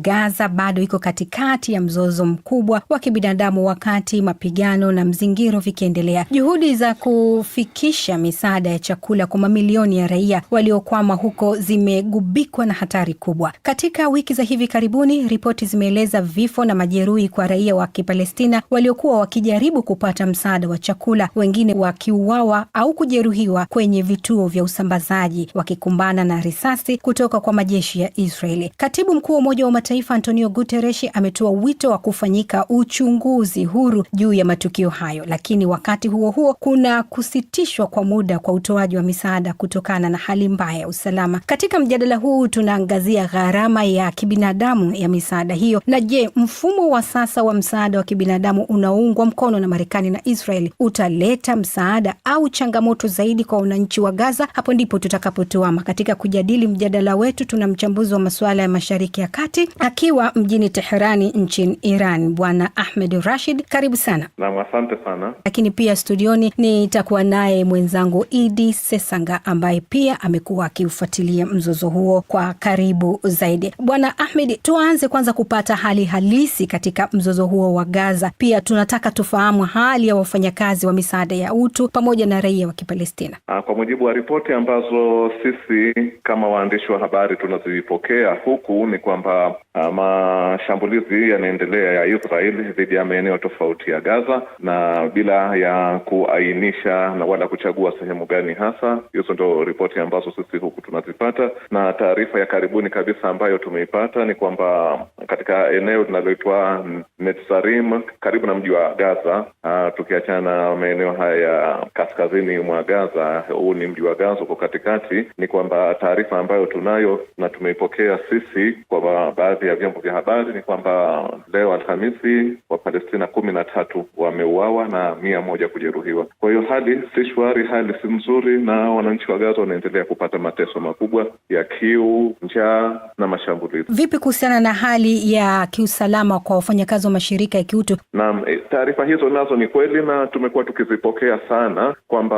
Gaza bado iko katikati ya mzozo mkubwa wa kibinadamu, wakati mapigano na mzingiro vikiendelea. Juhudi za kufikisha misaada ya chakula kwa mamilioni ya raia waliokwama huko zimegubikwa na hatari kubwa. Katika wiki za hivi karibuni, ripoti zimeeleza vifo na majeruhi kwa raia wa Kipalestina waliokuwa wakijaribu kupata msaada wa chakula, wengine wakiuawa au kujeruhiwa kwenye vituo vya usambazaji, wakikumbana na risasi kutoka kwa majeshi ya Israeli. Katibu mkuu wa Umoja wa Mataifa Antonio Guterres ametoa wito wa kufanyika uchunguzi huru juu ya matukio hayo, lakini wakati huo huo kuna kusitishwa kwa muda kwa utoaji wa misaada kutokana na hali mbaya ya usalama. Katika mjadala huu tunaangazia gharama ya kibinadamu ya misaada hiyo, na je, mfumo wa sasa wa msaada wa kibinadamu unaoungwa mkono na Marekani na Israeli utaleta msaada au changamoto zaidi kwa wananchi wa Gaza? Hapo ndipo tutakapotuama katika kujadili mjadala wetu. Tuna mchambuzi wa masuala ya Mashariki ya Kati Akiwa mjini Teherani nchini Iran, Bwana Ahmed Rashid, karibu sana. Naam, asante sana. Lakini pia studioni nitakuwa naye mwenzangu Idi Sesanga ambaye pia amekuwa akiufuatilia mzozo huo kwa karibu zaidi. Bwana Ahmed, tuanze kwanza kupata hali halisi katika mzozo huo wa Gaza. Pia tunataka tufahamu hali ya wafanyakazi wa misaada ya utu pamoja na raia wa Kipalestina. Ah, kwa mujibu wa ripoti ambazo sisi kama waandishi wa habari tunazipokea huku ni kwamba mashambulizi yanaendelea ya Israeli dhidi ya maeneo tofauti ya Gaza, na bila ya kuainisha na wala kuchagua sehemu gani hasa. Hizo ndo ripoti ambazo sisi huku tunazipata, na taarifa ya karibuni kabisa ambayo tumeipata ni kwamba katika eneo linaloitwa Netsarim karibu na mji wa Gaza. Ah, tukiachana na maeneo haya ya kaskazini mwa Gaza, huu ni mji wa Gaza uko katikati. Ni kwamba taarifa ambayo tunayo na tumeipokea sisi kwa baadhi ya vyombo vya habari ni kwamba leo Alhamisi Wapalestina kumi na tatu wameuawa na mia moja kujeruhiwa. Kwa hiyo hali si shwari, hali si nzuri, na wananchi wa Gaza wanaendelea kupata mateso makubwa ya kiu, njaa na mashambulizi. Vipi kuhusiana na hali ya kiusalama kwa wafanyakazi wa mashirika ya kiutu? Naam, eh, taarifa hizo nazo ni kweli na tumekuwa tukizipokea sana, kwamba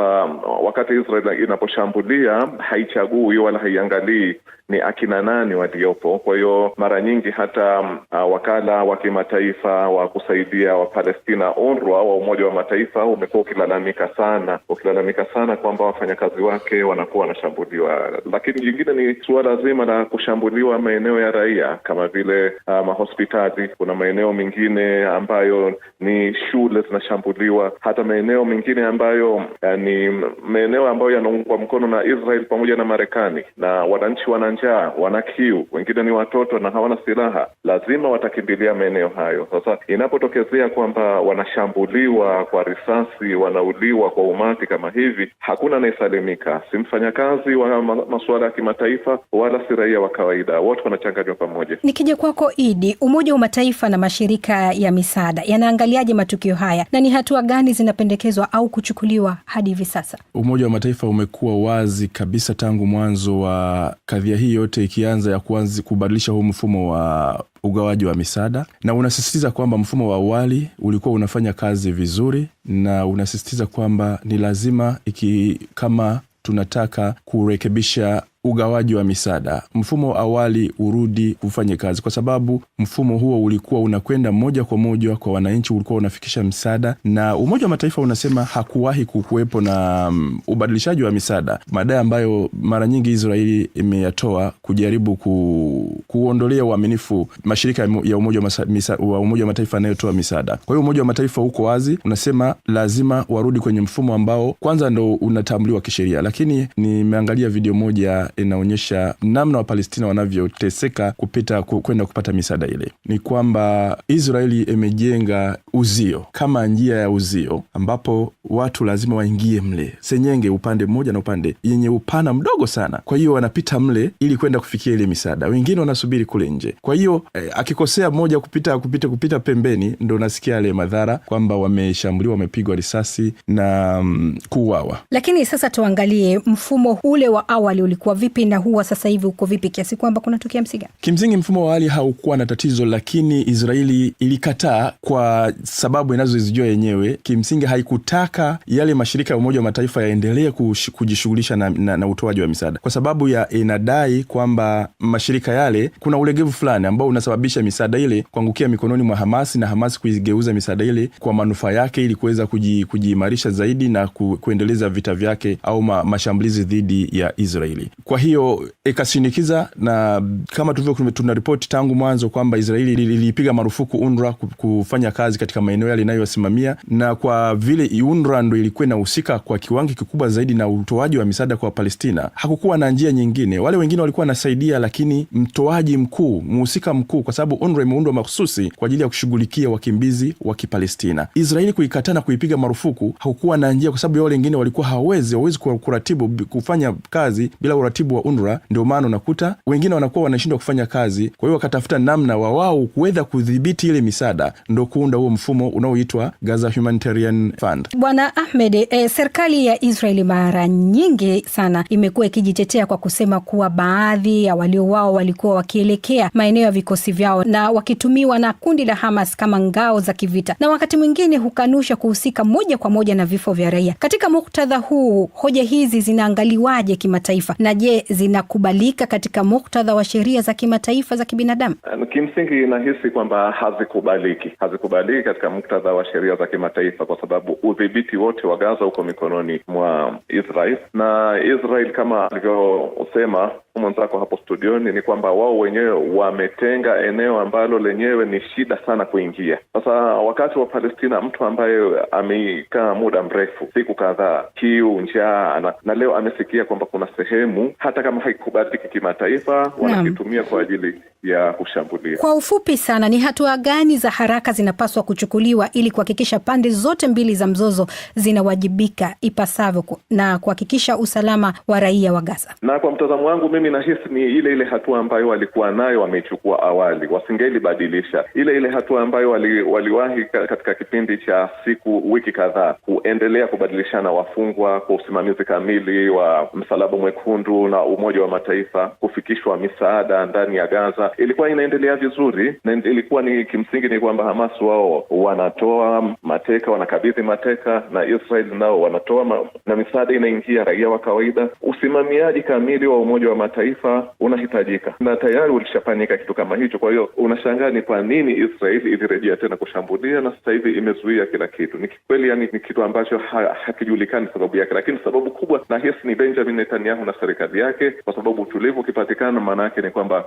wakati Israel inaposhambulia haichagui wala haiangalii ni akina nani waliopo. Kwa hiyo mara nyingi hata uh, wakala wa kimataifa wa kusaidia Wapalestina UNRWA wa Umoja wa Mataifa umekuwa ukilalamika sana ukilalamika sana kwamba wafanyakazi wake wanakuwa wanashambuliwa, lakini jingine ni suala zima la kushambuliwa maeneo ya raia kama vile uh, mahospitali. Kuna maeneo mengine ambayo ni shule zinashambuliwa, hata maeneo mengine ambayo uh, ni maeneo ambayo yanaungwa mkono na Israel pamoja na Marekani na wananchi wana njaa, wana kiu, wengine ni watoto na hawana silaha, lazima watakimbilia maeneo hayo. Sasa inapotokezea kwamba wanashambuliwa kwa risasi, wanauliwa kwa umati kama hivi, hakuna anayesalimika, si mfanyakazi wa masuala ya kimataifa wala si raia wa kawaida, wote wanachanganywa pamoja. Nikija kwako Idi, Umoja wa Mataifa na mashirika ya misaada yanaangaliaje matukio haya na ni hatua gani zinapendekezwa au kuchukuliwa hadi hivi sasa? Umoja wa Mataifa umekuwa wazi kabisa tangu mwanzo wa kadhia hii hii yote ikianza ya kuanza kubadilisha huu mfumo wa ugawaji wa misaada, na unasisitiza kwamba mfumo wa awali ulikuwa unafanya kazi vizuri, na unasisitiza kwamba ni lazima iki, kama tunataka kurekebisha ugawaji wa misaada, mfumo awali urudi ufanye kazi, kwa sababu mfumo huo ulikuwa unakwenda moja kwa moja kwa wananchi, ulikuwa unafikisha msaada, na Umoja wa Mataifa unasema hakuwahi kukuwepo na mm, ubadilishaji wa misaada, madai ambayo mara nyingi Israeli imeyatoa kujaribu ku, kuondolea uaminifu mashirika ya Umoja wa, wa Umoja wa Mataifa yanayotoa misaada. Kwa hiyo Umoja wa Mataifa uko wazi, unasema lazima warudi kwenye mfumo ambao kwanza ndo unatambuliwa kisheria, lakini nimeangalia video moja inaonyesha namna Wapalestina wanavyoteseka kupita kwenda kupata misaada ile, ni kwamba Israeli imejenga uzio kama njia ya uzio, ambapo watu lazima waingie mle, senyenge upande mmoja na upande yenye upana mdogo sana. Kwa hiyo wanapita mle ili kwenda kufikia ile misaada, wengine wanasubiri kule nje. Kwa hiyo eh, akikosea mmoja kupita kupita kupita pembeni, ndo nasikia yale madhara kwamba wameshambuliwa, wamepigwa risasi na mm, kuuawa. Lakini sasa tuangalie mfumo ule wa awali ulikuwa vipi? vipi na huwa sasa hivi uko vipi, kiasi kwamba kunatokea msiga? Kimsingi mfumo wa hali haukuwa na tatizo, lakini Israeli ilikataa kwa sababu inazozijua yenyewe. Kimsingi haikutaka yale mashirika ya Umoja wa Mataifa yaendelee kujishughulisha na, na, na utoaji wa misaada kwa sababu ya inadai kwamba mashirika yale kuna ulegevu fulani ambao unasababisha misaada ile kuangukia mikononi mwa Hamasi na Hamasi kuigeuza misaada ile kwa manufaa yake ili kuweza kujiimarisha zaidi na ku, kuendeleza vita vyake au ma, mashambulizi dhidi ya Israeli. Kwa hiyo eh, ikashinikiza, na kama tulivyo tunaripoti tangu mwanzo kwamba Israeli iliipiga marufuku UNRWA kufanya kazi katika maeneo yale inayosimamia, na kwa vile UNRWA ndo ilikuwa inahusika kwa kiwango kikubwa zaidi na utoaji wa misaada kwa Palestina, hakukuwa na njia nyingine. Wale wengine walikuwa wanasaidia, lakini mtoaji mkuu, mhusika mkuu, kwa sababu UNRWA imeundwa mahususi kwa ajili ya kushughulikia wakimbizi wa Kipalestina, Israeli kuikataa na kuipiga marufuku hakukuwa na njia, kwa sababu wale wengine walikuwa hawawezi hawawezi kuratibu kufanya kazi bila uratibu utaratibu wa UNRA, ndio maana unakuta wengine wanakuwa wanashindwa kufanya kazi. Kwa hiyo wakatafuta namna wa wao kuweza kudhibiti ile misaada, ndo kuunda huo mfumo unaoitwa Gaza Humanitarian Fund. Bwana Ahmed, eh, serikali ya Israeli mara nyingi sana imekuwa ikijitetea kwa kusema kuwa baadhi ya walio wao walikuwa wakielekea maeneo ya vikosi vyao na wakitumiwa na kundi la Hamas kama ngao za kivita, na wakati mwingine hukanusha kuhusika moja kwa moja na vifo vya raia. Katika muktadha huu, hoja hizi zinaangaliwaje kimataifa na je je, zinakubalika katika muktadha wa sheria za kimataifa za kibinadamu? Kimsingi inahisi kwamba hazikubaliki, hazikubaliki katika muktadha wa sheria za kimataifa, kwa sababu udhibiti wote wa Gaza uko mikononi mwa Israel na Israel kama alivyosema mwenzako hapo studioni ni kwamba wao wenyewe wametenga eneo ambalo lenyewe ni shida sana kuingia. Sasa wakati wa Palestina, mtu ambaye amekaa muda mrefu, siku kadhaa, kiu, njaa na, na leo amesikia kwamba kuna sehemu hata kama haikubaliki kimataifa wanakitumia kwa ajili ya kushambulia. Kwa ufupi sana, ni hatua gani za haraka zinapaswa kuchukuliwa ili kuhakikisha pande zote mbili za mzozo zinawajibika ipasavyo na kuhakikisha usalama wa raia wa Gaza? Na kwa mtazamo wangu mimi mimi nahisi ni ile ile hatua ambayo walikuwa nayo wameichukua awali, wasingelibadilisha ile ile hatua ambayo wali, waliwahi katika kipindi cha siku wiki kadhaa kuendelea kubadilishana wafungwa kwa usimamizi kamili wa Msalaba Mwekundu na Umoja wa Mataifa, kufikishwa misaada ndani ya Gaza ilikuwa inaendelea vizuri, na ilikuwa ni kimsingi ni kwamba Hamas wao wanatoa mateka, wanakabidhi mateka na Israel nao wanatoa ma, na misaada inaingia raia wa kawaida. Usimamiaji kamili wa Umoja wa Mataifa kimataifa unahitajika, na tayari ulishafanyika kitu kama hicho. Kwa hiyo unashangaa ni kwa nini Israeli ilirejea tena kushambulia na sasa hivi imezuia kila kitu. Ni kweli, yani ni kitu ambacho ha, hakijulikani sababu yake, lakini sababu kubwa nahisi ni Benjamin Netanyahu na serikali yake, kwa sababu utulivu ukipatikana, maana yake ni kwamba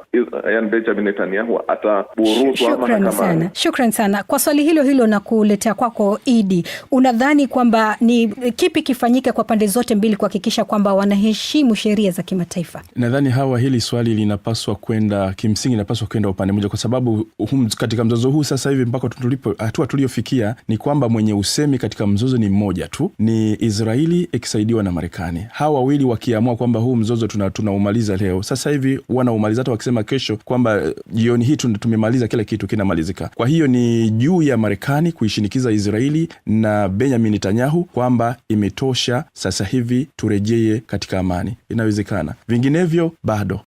yani Benjamin Netanyahu ataburuzwa mahakamani. Shukran sana kwa swali hilo hilo na kuletea kwako Idi, unadhani kwamba ni kipi kifanyike kwa pande zote mbili kuhakikisha kwamba wanaheshimu sheria za kimataifa? Nadhani nadhani hawa, hili swali linapaswa kwenda kimsingi, linapaswa kwenda upande mmoja, kwa sababu hum, katika mzozo huu sasa hivi mpaka tulipo hatua tuliyofikia ni kwamba mwenye usemi katika mzozo ni mmoja tu, ni Israeli ikisaidiwa na Marekani. Hawa wawili wakiamua kwamba huu mzozo tunaumaliza tuna leo sasa hivi wanaumaliza, hata wakisema kesho kwamba jioni hii tumemaliza kila kitu kinamalizika. Kwa hiyo ni juu ya Marekani kuishinikiza Israeli na Benjamin Netanyahu kwamba imetosha, sasa hivi turejee katika amani, inawezekana vinginevyo Bardo.